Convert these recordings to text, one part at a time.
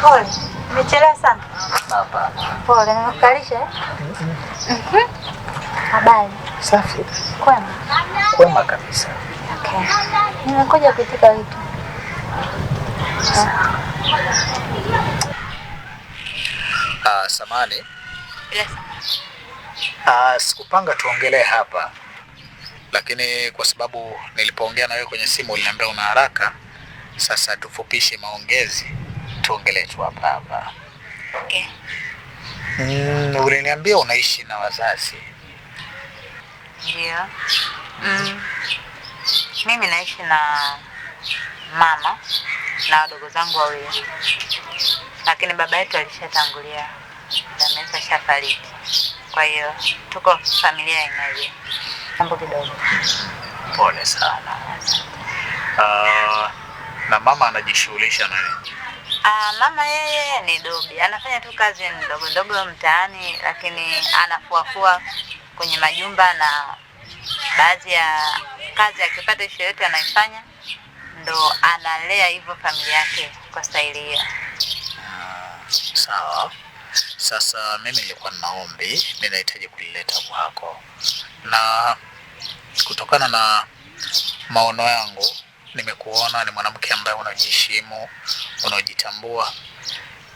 Pole, sana. Pole, Habari? Safi. Kwema? Kwema kabisa. Okay. Nimekuja kuitika ah, samani. Ah, sikupanga tuongelee hapa lakini kwa sababu nilipoongea na wewe kwenye simu uliniambia una haraka, sasa tufupishe maongezi tutaongeleshwa hapa hapa. Okay. Mm, uliniambia unaishi na wazazi. Ndio. Mm. Mimi naishi na mama na wadogo zangu wawili, lakini baba yetu alishatangulia, ameweza shafariki. Kwa hiyo tuko familia inaje mambo kidogo. Pole sana. Uh, na mama anajishughulisha na nini? Ah, mama yeye ni dobi, anafanya tu kazi ndogo ndogo mtaani, lakini anafuafua kwenye majumba na baadhi ya kazi akipata isho yote anaifanya, ndo analea hivyo familia yake kwa staili hiyo. Ah, sawa. Sasa mimi nilikuwa na ombi ninahitaji kulileta kwako, na kutokana na maono yangu nimekuona ni mwanamke ambaye unajiheshimu, unaojitambua.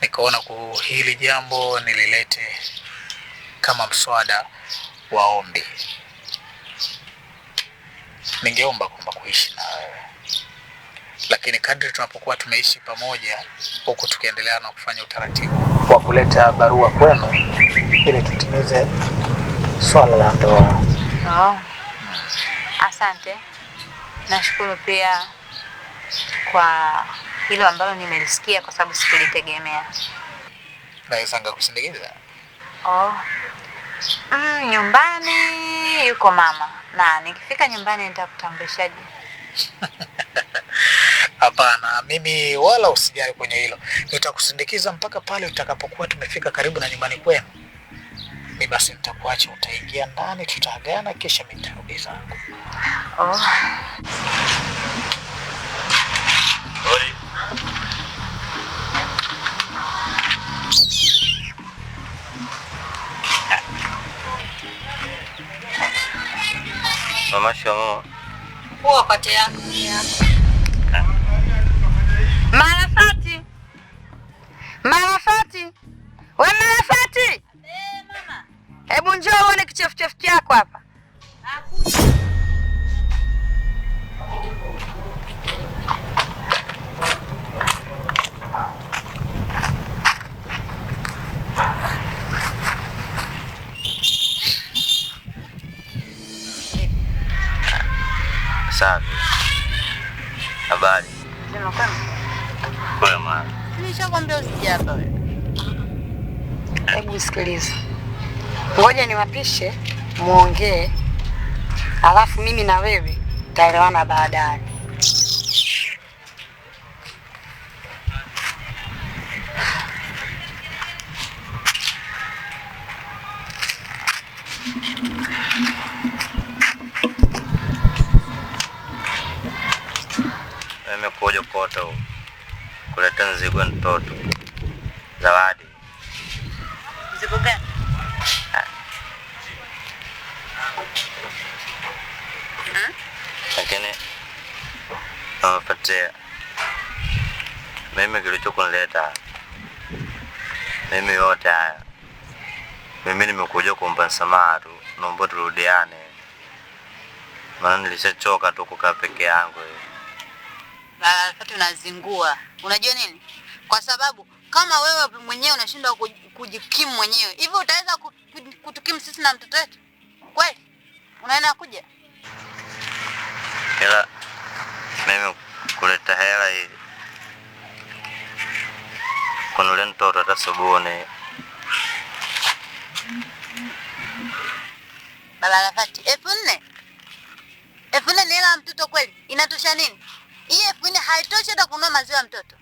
Nikaona hili jambo nililete kama mswada wa ombi. Ningeomba kwamba kuishi na wewe, lakini kadri tunapokuwa tumeishi pamoja, huku tukiendelea na kufanya utaratibu wa kuleta barua kwenu ili tutimize swala la ndoa. Oh, asante. Nashukuru pia kwa hilo ambalo nimelisikia kwa sababu sikulitegemea. Naweza kusindikiza? Oh. Mm, nyumbani yuko mama na nikifika nyumbani nitakutambulishaje? Hapana, mimi wala usijali kwenye hilo, nitakusindikiza mpaka pale utakapokuwa tumefika karibu na nyumbani kwenu mi basi nitakuacha, utaingia ndani, tutaagana, kisha mi nitarudi zangu. Oh. Mama shamo. Poa patea. Eh. Mara fati. Mara rafiki yako hapa Safi. Habari. Nishakwambia usije hapa wewe. Hebu sikiliza, ngoja niwapishe muongee, alafu mimi na wewe tutaelewana baadaye. Nimekuja kuleta nzigo ntoto Zawadi. Mzigo gani? kuniletea mimi kilichokunileta mimi yote haya mimi nimekuja kumpa msamaha tu, naomba turudiane, maana nilishachoka tu kukaa peke yangu. Sasa tunazingua, unajua nini? Kwa sababu kama wewe mwenyewe unashindwa kujikimu mwenyewe, hivi utaweza kutukimu sisi na mtoto wetu kweli? Unaenda kuja ila mimi kuleta hela kununulia mtoto hata sabuni. Baba Arafati, elfu nne elfu nne ni hela ya mtoto kweli? Inatosha nini hii elfu nne? Haitoshi hata kununua maziwa ya mtoto.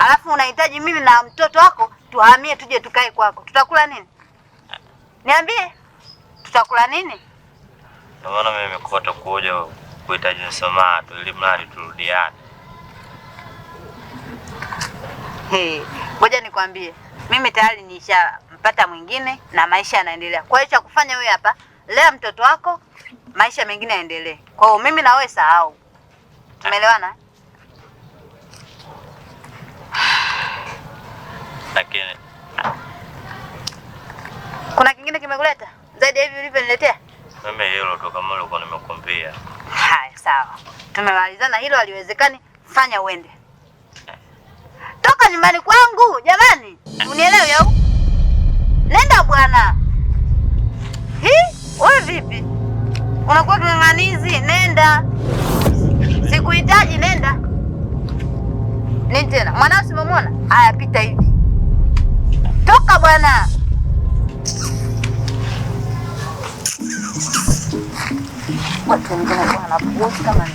Alafu unahitaji mimi na mtoto wako tuhamie tuje tukae kwako, tutakula nini? Niambie, tutakula nini? Naona mimi nimekufuata kuja kuhitaji msamaha tu, ili mradi turudiane. Ngoja hey, nikwambie mimi tayari nishampata mwingine na maisha yanaendelea. Kwa hiyo cha kufanya wewe hapa, lea mtoto wako, maisha mengine yaendelee. Kwa hiyo mimi na wewe sahau, tumeelewana? Lakini kuna kingine kimekuleta zaidi ya hivi ulivyoniletea mimi? Hilo tu kama nilikuwa nimekuambia. Haya, sawa, tumemalizana hilo, haliwezekani. Fanya uende, toka nyumbani kwangu. Jamani, unielewe au? Nenda bwana. Hii wewe vipi, unakuwa king'ang'anizi? Nenda, sikuhitaji. Nenda ni tena mwanao, simemwona. Haya, pita hivi, toka bwana. watu wengine walikuwa wanaposti kama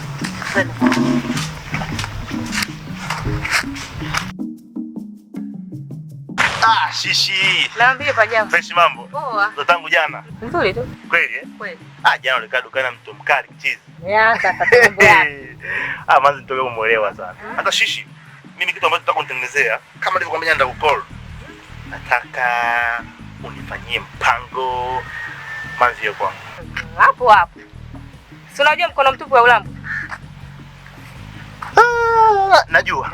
Ah, shishi. Naambie pajamu. Fresh mambo. Poa. Ndo tangu jana. Nzuri tu. Kweli eh? Kweli. Ah, jana ulikaa dukani mtu mkali kichizi. Ya, sasa Ah, manzi nitoke kumuelewa sana. Ah. Hata shishi. Mimi kitu ambacho nataka kunitengenezea kama nilivyokuambia ndio kucall. Nataka unifanyie mpango manzi yako. Hapo hapo. Si unajua mkono mtupu wa ulambo? Ah, najua.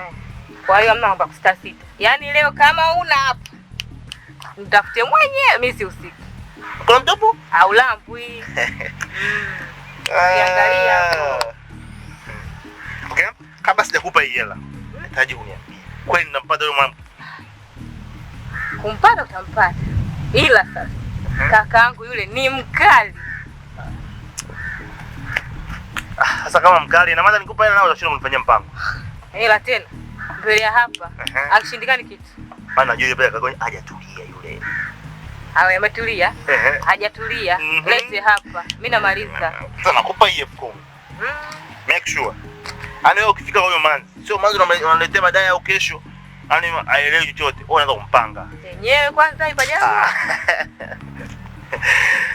Kwa hiyo hamna mambo kusita sita. Yaani leo kama una hapo mtafute mwenyewe, mimi si usiku. Mkono mtupu? Au ah, ulambo hii. Mm, angalia. Ah. Okay. Kabla sijakupa hii hela, nahitaji uniambie. Kwani nampata yule mwanamke? Kumpata utampata. Ila sasa mhm. kakaangu yule ni mkali. Sasa kama mkali na maana nikupa hela nao utashinda kunifanyia mpango. Hela tena. Mbele ya hapa. Akishindikani kitu. Maana najua yule pale kagonya hajatulia yule. Awe ametulia. Hajatulia. Mhm. Lete hapa. Mimi namaliza. Sasa nakupa hii elfu kumi. Hmm. Make sure. Yaani wewe ukifika huyo manzi, sio manzi unamletea madai au kesho. Ani aelewi chochote. Wewe unaanza kumpanga. Yenyewe kwanza ipa jambo. Ah.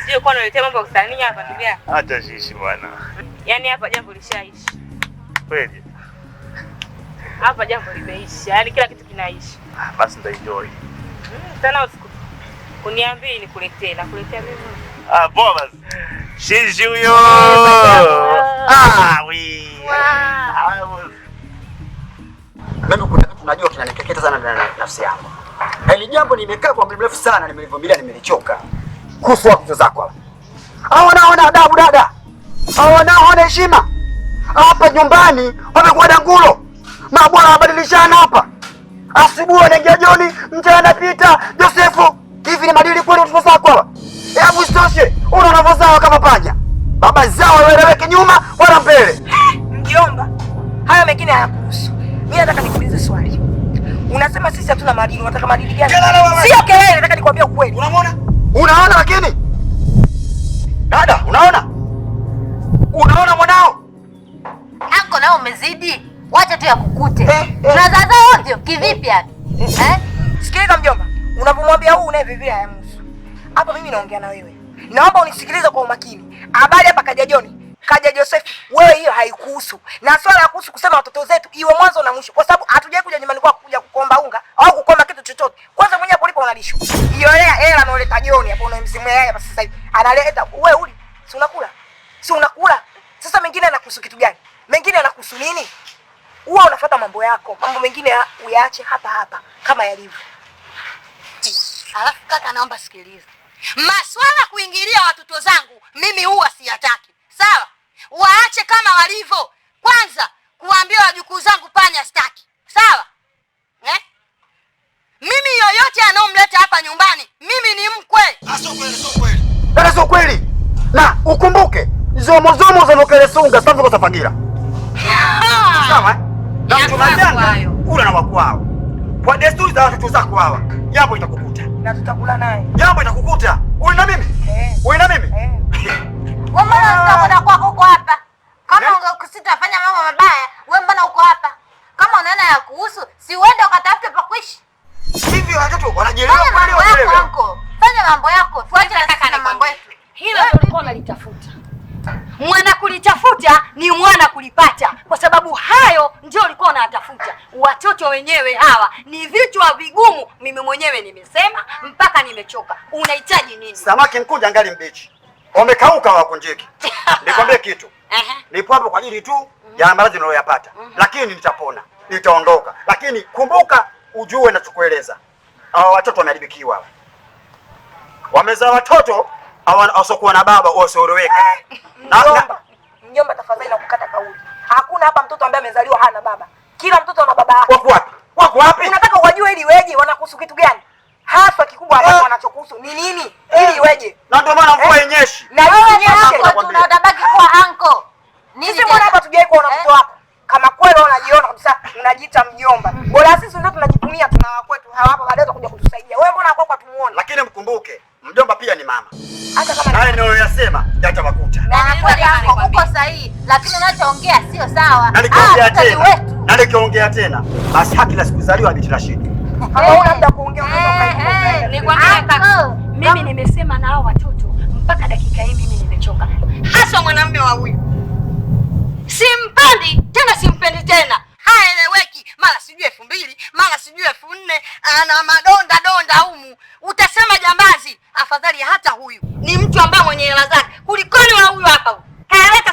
Sio kwa nini unaletea mambo ya kusania hapa ndugu yako. Hata sisi bwana. Yaani hapa jambo lishaisha. kweli, hapa jambo limeisha, yaani kila kitu kinaisha. Ah, Basi enjoy. Mm, sana usiku, ni uniambie na kuletea mimi. Ah, poa basi. Shishi huyo. Ah, ah, we. Mimi kuna kitu najua kinanikeketa sana ndani ya nafsi yangu. Hili yaani jambo nimekaa kwa muda mrefu sana, nimelivumilia, nimelichoka. Kuhusu watoto zako Aona, aona adabu dada hawanao hawana heshima hapa nyumbani, wamekuwa dangulo. Mabwana wabadilishana hapa, asubuhi wanaingia Joni, mchana anapita Josefu. Hivi ni madili kweli? Mtosako hawa hebu sitoshe, una unavozao kama panya, baba zao waeleweke nyuma wala mbele. Mjomba, hayo mengine hayakuhusu. Mimi nataka nikuulize swali. Unasema sisi hatuna madili, unataka madili gani? Sio kelele, nataka nikwambie ukweli. Unaona? Unaona lakini dada, unaona Unaona mwanao ako nao umezidi, wacha tu ya kukute eh, eh. Tunazaza ovyo kivipi yani eh? Mm. Eh? Sikiliza mjomba, unapomwambia huu unaye vivia ya msu hapa, mimi naongea na wewe, naomba unisikilize kwa umakini. Habari hapa kaja Joni, kaja Joseph, wewe hiyo haikuhusu, na swala ya kuhusu kusema watoto zetu iwe mwanzo na mwisho, kwa sababu hatujai kuja nyumbani kwako kuja kukomba unga au kukomba kitu chochote. Kwanza mwenyewe hapo unalishwa hiyo hela, hela anaoleta Joni hapo, unamsimwea yeye hapa sasa hivi analeta wewe, uli si unakula si unakula sasa. Mengine yanakuhusu kitu gani? Mengine yanakuhusu nini? Huwa unafuata mambo yako, mambo mengine ya, uyaache hapa hapa kama yalivyo. Alafu kaka, naomba sikiliza, maswala kuingilia watoto zangu mimi huwa siyataki, sawa? Waache kama walivyo. Kwanza kuambia wajukuu zangu panya staki, sawa eh? Mimi yoyote anaomleta hapa nyumbani mimi ni mkwe. Ah, sio kweli, sio kweli, sio kweli. Na ukumbuke zomo zomo zomozomo zanokelesunga sanza kosafagira sawa eh? natunajanga kula na wakwao kwa desturi za watoto zako hawa, jambo itakukuta na tutakula naye, jambo itakukuta. Wewe na mimi eh, wewe na mimi eh, wewe mbona unakuwa kwako uko hapa? Kama eh? ungekusitafanya mambo mabaya, wewe mbona uko hapa? Kama unaona ya kuhusu, si uende ukatafute pa kuishi. Hivi watoto wanajielewa kweli? Wanajielewa, fanya mambo yako, tuache na mambo yetu. Hilo tulikuwa tunalitafuta mwana kulitafuta ni mwana kulipata, kwa sababu hayo ndio ulikuwa unatafuta. Watoto wenyewe hawa ni vichwa vigumu, mimi mwenyewe nimesema mpaka nimechoka. Unahitaji nini? Samaki mkunja ngali mbichi, wamekauka wakunjiki. Nikwambie kitu, nipo hapo kwa ajili tu mm-hmm. ya maradhi niliyoyapata, mm-hmm. lakini nitapona, nitaondoka. Lakini kumbuka, ujue nachokueleza, hawa watoto wameharibikiwa, wamezaa watoto wasiokuwa na baba wasioroweka. Eh, mjomba, tafadhali kukata kauli. Hakuna hapa mtoto ambaye amezaliwa hana baba, kila mtoto ana baba yake. Wako wapi? Wako wapi? Unataka wajue ili weje, wanakuhusu kitu gani haswa? Kikubwa ambacho eh. wanachokuhusu ni nini eh. ili weje? Na ndio maana mvua yenyeshi tunabaki kwa anko nisi mwana hapa, tujai kuona mtoto wako kama kweli unajiona kabisa unajiita mjomba. Mm. Bora sisi ndio tunajitumia, tunawa kwetu hawapa, baadaye utakuja kutusaidia wewe. Mbona kwa tumuone, lakini mkumbuke mjomba pia ni mama, hata kama haya ndio yasema yatawakuta. Yaani uko sahihi, lakini unachoongea sio sawa. Na nikiongea ah, tena Na nikiongea tena. basi haki la sikuzaliwa kwa Rashidi. Mimi nimesema na hao watoto mpaka dakika hii mimi nimechoka. Hasa mwanamume wa huyu. Simpendi tena, simpendi tena mbili mara sijui elfu nne ana madonda donda humu, utasema jambazi. Afadhali hata huyu ni mtu ambaye mwenye hela zake kulikoni wa huyu hapa huyu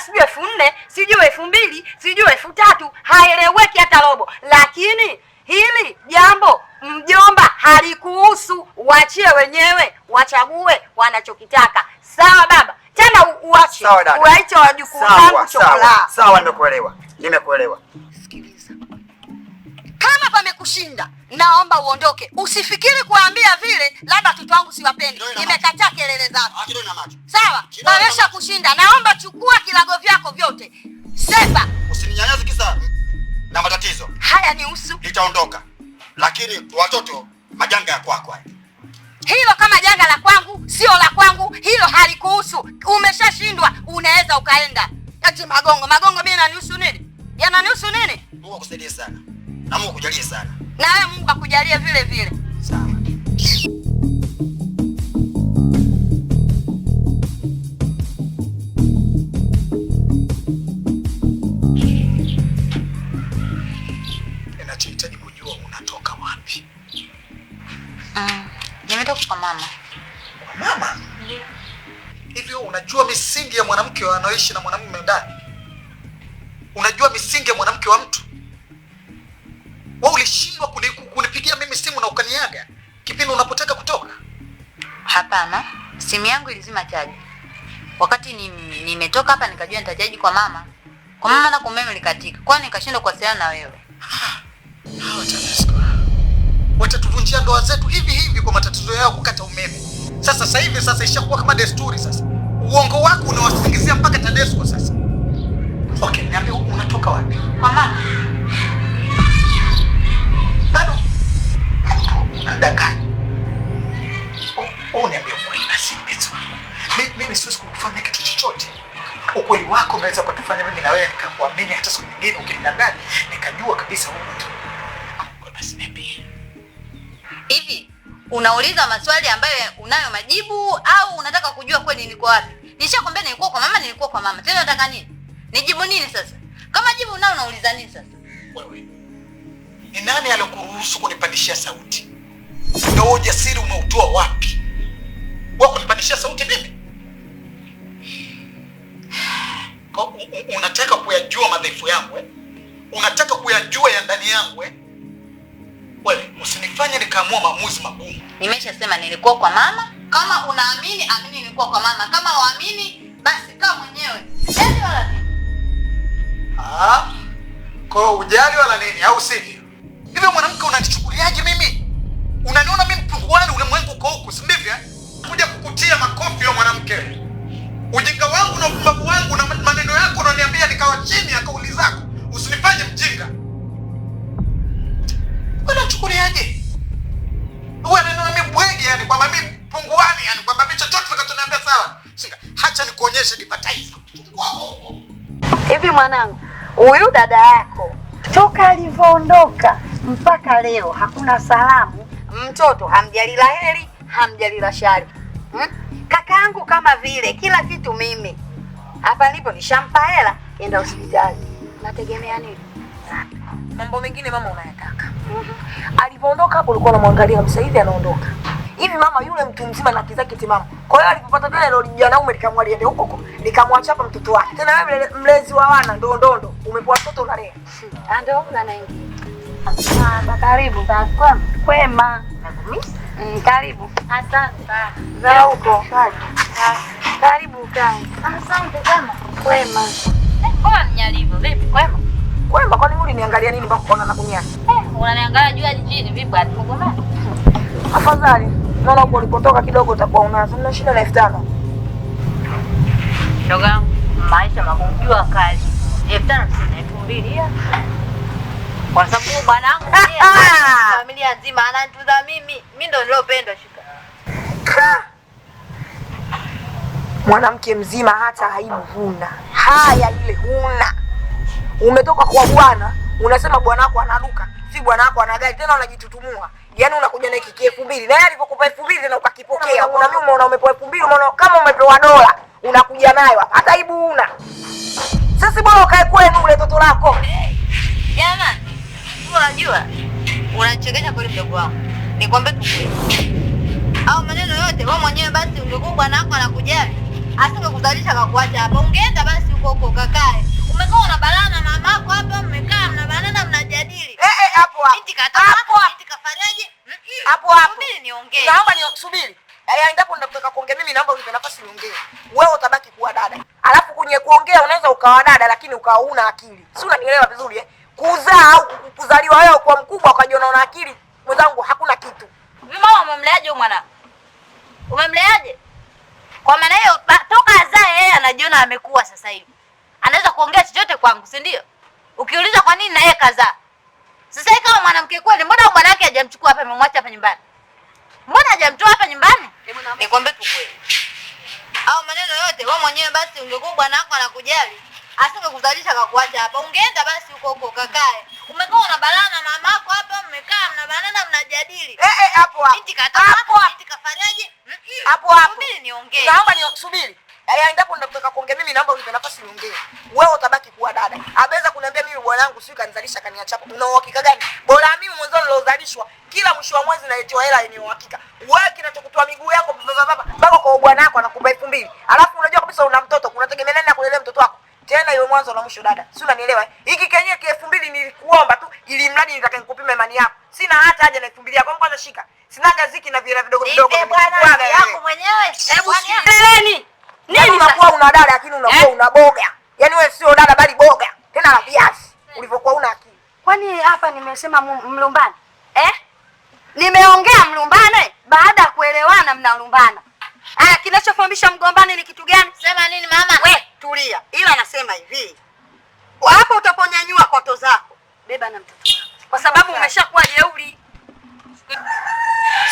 sijui elfu nne sijui elfu mbili sijui elfu tatu haeleweki hata robo. Lakini hili jambo mjomba, halikuhusu. wachie wenyewe wachague wanachokitaka. Sawa baba, tena uache uache wajukuu wangu chokola. Sawa, nimekuelewa, nimekuelewa kushinda, naomba uondoke. Usifikiri kuambia vile labda watoto wangu siwapendi. Nimekataa kelele zako, sawa? Baresha kushinda, naomba chukua kilago vyako vyote, sepa. Usininyanyase kisa na matatizo haya ni usu, nitaondoka lakini watoto majanga ya kwako haya. Hilo kama janga la kwangu sio la kwangu, hilo halikuhusu. Umeshashindwa, unaweza ukaenda. Ati Magongo, Magongo mimi nanihusu nini? Yananihusu nini? Mungu akusaidie sana. Na Mungu sana. Na wewe Mungu akujalie vile vile. Sawa. Ninachohitaji kujua unatoka wapi? Mm, nimetoka kwa mama. Kwa mama? Hivyo unajua misingi ya mwanamke anaoishi na mwanamume ndani? Unajua misingi ya mwanamke wa mtu? wewe ulishindwa kunipigia mimi simu na ukaniaga kipindi unapotaka kutoka? Hapana, simu yangu ilizima chaji wakati nimetoka ni hapa, nikajua nitachaji kwa mama kwa mama na kumeme likatika, kwa nikashindwa kuwasiliana na wewe. Watatuvunjia ndoa zetu hivi hivi kwa matatizo yao kukata umeme. Sasa sasa hivi sasa ishakuwa kama desturi sasa. Uongo wako unawasingizia mpaka Tadesco sasa. Okay, niambie unatoka wapi? Kwa mama. unadanganya. Niambia ukweli basi. Mimi siwezi kukufanya kitu chochote. Ukweli wako unaweza kutufanya mimi na wewe nikakuamini hata siku nyingine ukinidanganya nikajua kabisa wewe mtu. Basi niambie. Hivi unauliza maswali ambayo unayo majibu au unataka kujua kweli wapi? Nishakwambia nilikuwa kwa mama, nilikuwa kwa mama. Tena unataka nini? Nijibu nini sasa? Kama jibu unao unauliza nini sasa? Wewe. Ni nani alokuruhusu kunipandishia sauti? na wewe ujasiri umeutoa wapi wa kunipandishia sauti mimi? Unataka kuyajua madhaifu yangu eh? Unataka kuyajua ya ndani yangu eh? Wewe usinifanye nikaamua maamuzi magumu. Nimeshasema nilikuwa kwa mama. Kama unaamini amini, nilikuwa kwa mama. Kama waamini basi kama mwenyewe, ujali wala ah? kwa ujali wala nini, au sivyo? Hivyo mwanamke, unanichukuliaje mimi? Unaniona mimi mtu mpukuani, ulimwengu uko huku, si ndivyo? Eh? Kuja kukutia makofi wa mwanamke. Ujinga wangu na upumbavu wangu na maneno yako unaniambia nikawa chini ya kauli zako, usinifanye mjinga. Unachukuliaje? Wewe unaniona mimi bwege, yani kwamba mimi punguani, yani kwamba mimi chochote utakachoniambia sawa. Singa, Hacha nikuonyeshe kibataifa. Hivi mwanangu, huyu dada yako toka alivyoondoka mpaka leo hakuna salamu mtoto hamjali la heri, hamjali la shari hmm? Kakaangu kama vile kila kitu mimi hapa nipo, nishampa hela enda hospitali, nategemea nini? Mambo mengine mama unayataka. mm -hmm. Alipoondoka hapo ulikuwa unamwangalia, msa hivi anaondoka hivi mama, yule mtu mzima na kiza kitimamu. Kwa hiyo alipopata tena ile janaume likamwalia ndio huko likamwacha hapa mtoto wake. Tena wewe mlezi wa wana ndoondondo, umepoa mtoto unalea ndio na naingia Asante, karibu. Kwema. Mm, karibu. Asante. Za huko. Karibu kaka. Kwema. Eh, mnyalivu? Vipi kwema? Kwema, kwani uliniangalia nini mpaka ukaona nakunyanya? Eh, unaniangalia juu jijini vipi atukugoma? Afadhali, naona huko ulipotoka kidogo utakuwa unazo. Mna shida na elfu tano. Ndoga, maisha magumu, jua kali. Elfu tano sina, elfu mbili kwa sababu bwanangu ah, ah. familia nzima ananitunza mimi, mimi ndo nilopendwa shika. Mwanamke mzima hata aibu huna, haya ile huna. Umetoka kwa bwana, unasema bwanako anaruka, si bwanako ana gari, tena unajitutumua. Yaani unakuja na kiki elfu mbili na yeye alivyokupa elfu mbili na ukakipokea. Kuna mimi umeona umepewa elfu mbili umeona kama umepewa dola, unakuja nayo hata aibu huna. Sasa bwana, ukae kwenu ule toto lako. Jamani, hivi, unajua unachekesha kweli mdogo wangu, nikwambie kweli. au maneno yote wewe mwenyewe basi, ungekuwa bwana wako anakujali asingekuzalisha akakuacha hapa, ungeenda basi huko huko kakae. Umekaa balaa na mama yako hapa, mmekaa banana mnajadili eh eh, hapo hapo binti kataka hapo hapo binti kafanyaje hapo hapo. Subiri niongee, naomba nisubiri. Yaani eh, eh, endapo nataka kuongea mimi, naomba unipe nafasi niongee. Wewe utabaki kuwa dada, alafu kwenye kuongea unaweza ukawa dada, lakini ukawa una akili, si unanielewa vizuri eh? kuzaa au kuzaliwa wewe kwa mkubwa ukajiona una akili, mwenzangu, hakuna kitu. Mama umemleaje mwana? Umemleaje? Kwa maana hiyo toka azae yeye anajiona amekuwa sasa hivi. Anaweza kuongea chochote kwangu, si ndio? Ukiuliza kwa nini na yeye kazaa. Sasa hivi kama mwanamke kweli, mbona bwana wake hajamchukua hapa amemwacha hapa nyumbani? Mbona hajamtoa hapa nyumbani? Nikwambie tu kweli. Au maneno yote wewe mwenyewe basi ungekuwa bwana wako anakujali asingekuzalisha kakuacha hapa, ungeenda basi huko huko kakae. Umekaa unabalana na mamako hapa, mmekaa mnabalana, mnajadili hapo hapo. Niongee, naomba nisubiri Endapo nataka kuongea mimi, naomba unipe nafasi niongee. Wewe utabaki kuwa dada, abeza kuniambia mimi bwanangu, sio kanizalisha kaniachapa. Una uhakika gani? Bora mimi mwanzo nilozalishwa, kila mwisho wa mwezi naletewa hela yenye uhakika. Wewe kinachokutoa miguu yako baba baba bako kwa bwanako anakupa 2000 alafu unajua kabisa una mtoto, unategemea nani akulelea mtoto wako? tena iwe mwanzo na mwisho, dada, si unanielewa? Eh? Hiki kenyewe ki 2000 mbili nilikuomba tu ili mradi nitaka nikupime imani yako, sina hata haja na elfu yako. Kwanza shika, sina gaziki na vile vidogo vidogo yako mwenyewe. Hebu sikileni nini, unakuwa una dada lakini unakuwa eh? una boga. Yani wewe sio dada bali boga, tena la viazi ulivyokuwa una akili. Kwani hapa nimesema mlumbani? eh? Nimeongea mlumbane, baada ya kuelewana mnalumbana Aya, kinachofahamisha mgombani ni kitu gani? Sema nini mama? We, tulia. Ila anasema hivi. Hapo utaponyanyua koto zako. Beba na mtoto wako. Kwa sababu umeshakuwa jeuri.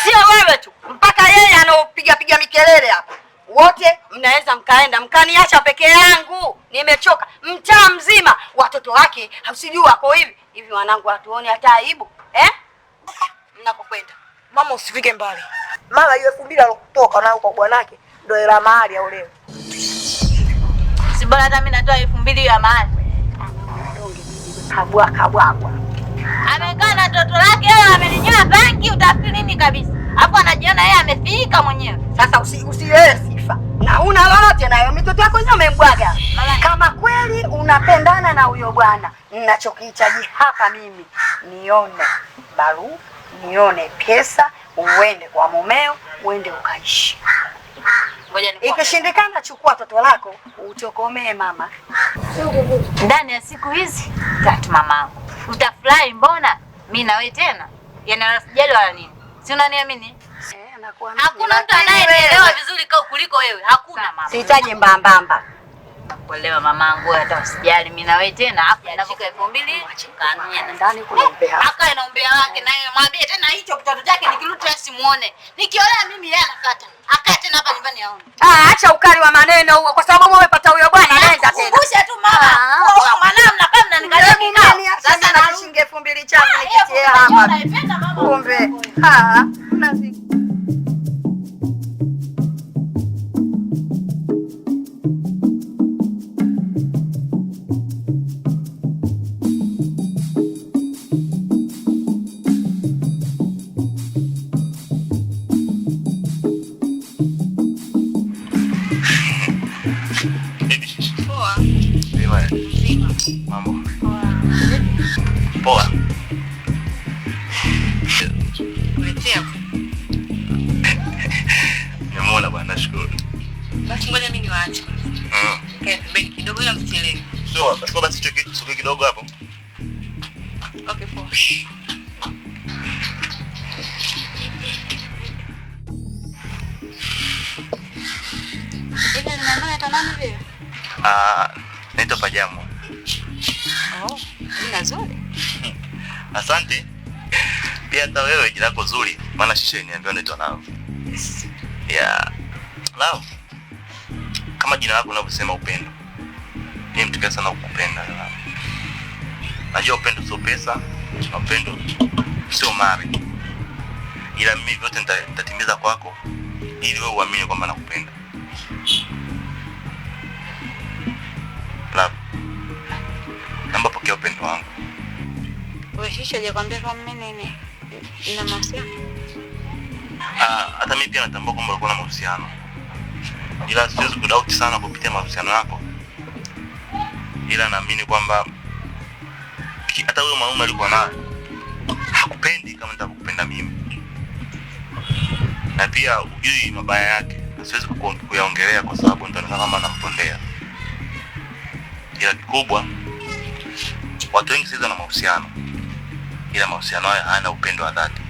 Sio wewe tu, mpaka yeye anaopiga piga mikelele hapa. Wote mnaweza mkaenda mkaniacha peke yangu, nimechoka. Mtaa mzima watoto wake usijui wako hivi hivi, wanangu hatuone hata aibu eh? Mnakokwenda mama, usifike mbali mara hiyo elfu mbili alokutoka nayo kwa bwanake ndio hela mahali au leo. Si bora hata mimi natoa elfu mbili ya mahali Kabwa kabwa. Amekaa na mtoto wake yeye ameninywa bangi utafikiri nini kabisa. Hapo anajiona yeye amefika mwenyewe. Sasa usi usi yeye sifa. Na una lolote nayo mitoto yako hiyo amembwaga. Kama kweli unapendana na huyo bwana, ninachokihitaji hapa mimi nione barua, nione pesa uende kwa mumeo, uende ukaishi. Ikishindikana, chukua watoto lako utokomee, mama. Ndani ya siku hizi tatu, mamangu, utafurahi. Mbona mi nawe tena, yani wala sijali wala nini, si unaniamini? Eh, hakuna mtu anayeelewa vizuri kuliko wewe, hakuna mama. Sihitaji mbambamba kuelewa mamangu, hata usijali, mimi na wewe tena. Hapo inafika elfu mbili aka inaombea wake, na yeye mwambie tena hicho kitoto chake nikirudi simuone, nikiolea mimi yeye anakata akae tena hapa nyumbani aone. Ah, acha ukali wa maneno huo, kwa sababu umepata huyo bwana anaenda tena kumbusha tu mama, kwa mwanao mnakaa mnanikalia kikao. Sasa na shilingi 2000 mbili changu ah, nikitia hapa kumbe, ah mnazi. bwana, nashukuru. Basi ngoja mimi niwaache. Ah. Okay, pembeni kidogo ila msichelewe. Sawa, chukua basi chukua kidogo hapo. Okay, poa. Ile namba ya nani vile? Ah, naitwa Pajamo. Oh, jina zuri. Asante. Pia hata wewe jina lako zuri, maana shisha niambiwa naitwa nao. Yeah love, kama jina lako unavyosema upendo. Mimi mtu sana kukupenda. Najua upendo sio pesa, upendo sio mali, ila mimi vyote nitatimiza kwako ili wewe uamini kwamba nakupenda. Love, pokea upendo wangu. Ah, hata mimi pia natambua kwamba ulikuwa na mahusiano ila siwezi kudauti sana kupitia mahusiano yako, ila naamini kwamba hata huyo mwanaume alikuwa naye hakupendi kama nitakupenda mimi, na pia ujui mabaya yake, na siwezi kuyaongelea kwa sababu nitaonekana kama nampondea, ila kikubwa watu wengi sasa na mahusiano ila mahusiano hayo hayana upendo wa dhati,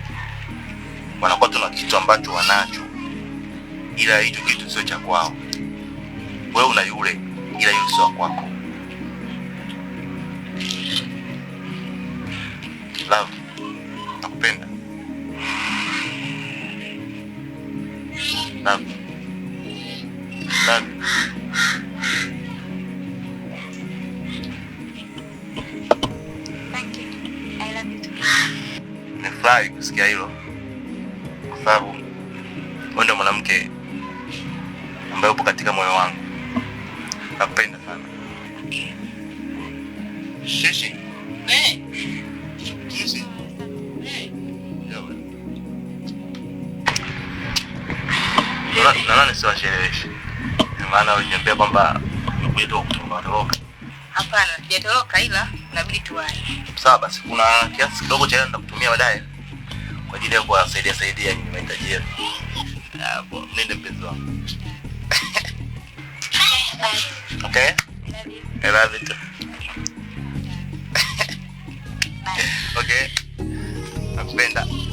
wanakuwa tuna kitu ambacho wanacho ila hicho kitu sio cha kwao. Wewe una yule, ila yule sio kwako. Love, nakupenda. Love. Love. Thank you. I love you too. Nimefurahi kusikia hilo kwa sababu wewe ndio mwanamke ambaye upo katika moyo wangu. Nakupenda sana. Shishi. Eh. Shishi. Eh. Nadhani siwacheleweshe, maana uliniambia kwamba umekuja tu kutoroka. Hapana, sijatoroka ila inabidi tuwahi. Sawa basi, kuna kiasi kidogo cha hela nitakutumia baadaye kwa ajili ya kuwasaidia saidia kwenye mahitaji yenu. Hapo nende mpenzi wangu. Okay? Love you. I love you too. Bye. okay? Nakupenda.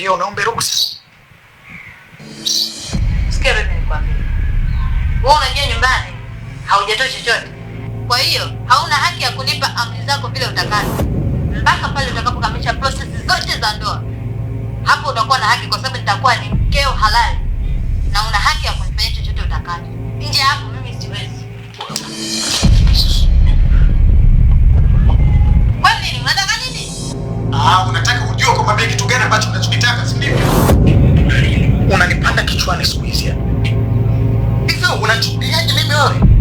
ndio naombe ruhusa. Sikia bibi, nikwambie, wewe unajua nyumbani haujatoa chochote, kwa hiyo hauna haki ya kulipa amri zako vile utakavyo mpaka pale utakapokamilisha process zote za ndoa. Hapo utakuwa na haki, kwa sababu nitakuwa ni mkeo halali na una haki ya kunifanyia chochote utakacho. Nje hapo mimi siwezi. Kwa nini unataka nini? Ah, unataka kujua kukwambia kitu gani ambacho unachokitaka, si ndivyo? Unanipanda kichwani siku hizi, unanichukuliaje mimi wewe?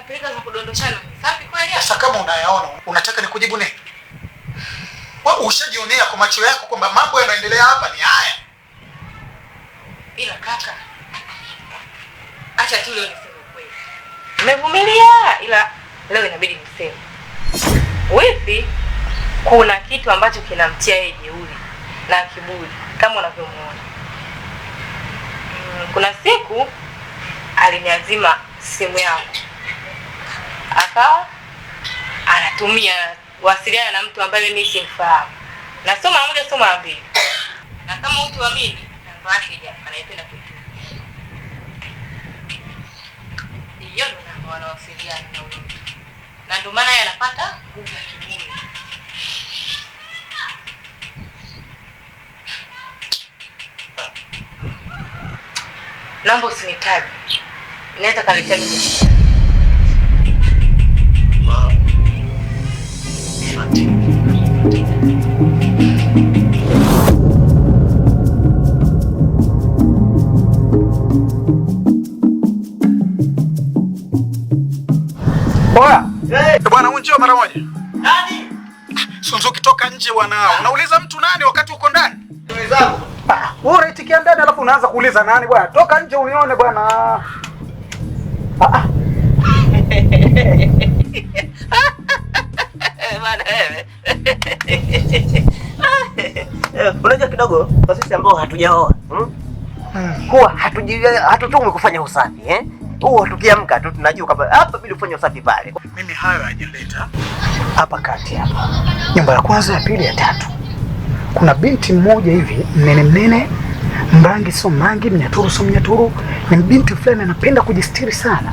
pilika za kudondoshana. Safi kweli? Sasa kama unayaona, unataka nikujibu nini? Wewe ushajionea kwa macho yako kwamba mambo yanaendelea hapa ni haya. Ila kaka. Acha tu leo niseme kweli. Nimevumilia ila leo inabidi niseme. Wipi kuna kitu ambacho kinamtia yeye jeuri na kiburi kama unavyomuona. Mm, kuna siku aliniazima simu yangu akawa anatumia wasiliana na mtu ambaye mimi simfahamu, na moja, soma mbili, na kama namba yake anaipenda hiyo namba wanawasiliana na mtu, na ndio maana yeye anapata nguvu ya kimwili. Naomba usinitaje, inaweza kanitaja Poa. Hey. Bwana njoo mara moja. Nani? Sunzo kitoka nje wanao. Unauliza mtu nani wakati uko ndani? Wenzangu. Ah, wewe unaitikia ndani alafu unaanza kuuliza nani bwana? Toka nje unione bwana. Ah, ah. Unajua kidogo kwa sisi ambao hatujaoa. Hmm? hmm. Huwa hatujui hatutumwi kufanya usafi eh? huo tukiamka tu tunajua kwamba hapa bili kufanya usafi pale. Mimi hayo ajileta hapa kati hapa, nyumba ya kwanza, ya pili, ya tatu, kuna binti mmoja hivi mnene mnene, mrangi sio mrangi, mnyaturu sio mnyaturu, ni binti fulani anapenda kujistiri sana.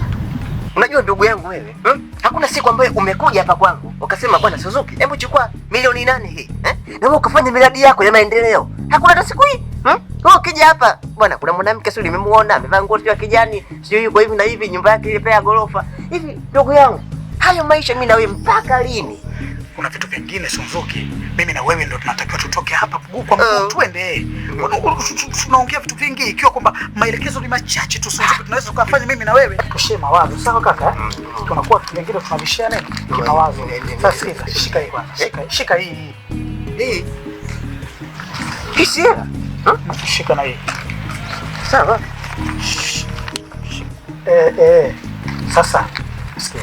Unajua ndugu yangu wewe hmm? Hakuna siku ambayo umekuja hapa kwangu ukasema bwana Suzuki, hebu chukua milioni nane hii eh? Na wewe ukafanya miradi yako ya maendeleo Hakuna hata siku hii. Hmm? Kwa ukija hapa bwana, kuna mwanamke sio nimemuona amevaa nguo ya kijani, sio yuko hivi na hivi, nyumba yake ile ya gorofa. Hivi ndugu yangu, hayo maisha mimi na wewe mpaka lini? Kuna vitu vingine Suzuki. Mimi na wewe ndio tunatakiwa tutoke hapa mguu kwa mguu oh. tuende. Tunaongea vitu vingi ikiwa kwamba maelekezo ni machache tu Suzuki, ah. tunaweza kufanya mimi na wewe. Kushe mawazo, sawa kaka? Eh? Mm. Tunakuwa vitu vingine tunabishia nini? Mm. Mawazo. Sasa sikiza, shika hii kwanza. shika hii. Hii Kisi hela. Shika na hii. Sawa. Eh, eh. Sasa. Sikia.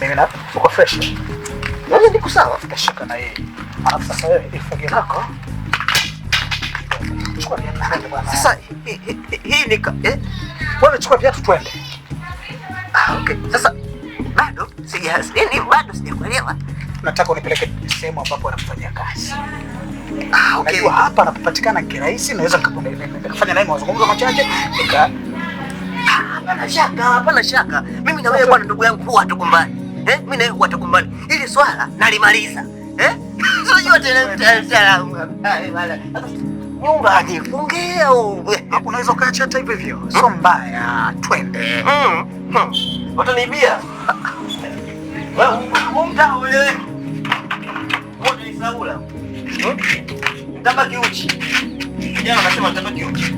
Mimi na uko fresh. Yaani niko sawa. Kashika na hii. Alafu sasa wewe ifunge lako. Chukua viatu twende bwana. Sasa hii ni eh. Wewe chukua viatu twende. Ah, okay. Sasa bado sijaelewa. Yaani bado sijaelewa nataka unipeleke sehemu ambapo anafanyia kazi. Ah, okay. Najua hapa anapopatikana kirahisi naweza nikafanya naye mazungumzo machache nika ah, Hapana shaka, hapana shaka. Mimi na wewe bwana ndugu yangu huwa hatukumbani. Eh? Mimi na wewe huwa hatukumbani. Ili swala nalimaliza. Eh? Sio yote tena salamu. Nyumba hajifungia Hapo ah, Unaweza kaacha hata hivyo hivyo. Sio mbaya. Twende. Hmm, mm. Watanibia. Wewe, wewe Unanisaula. Mtabaki uchi. Kijana anasema mtabaki uchi.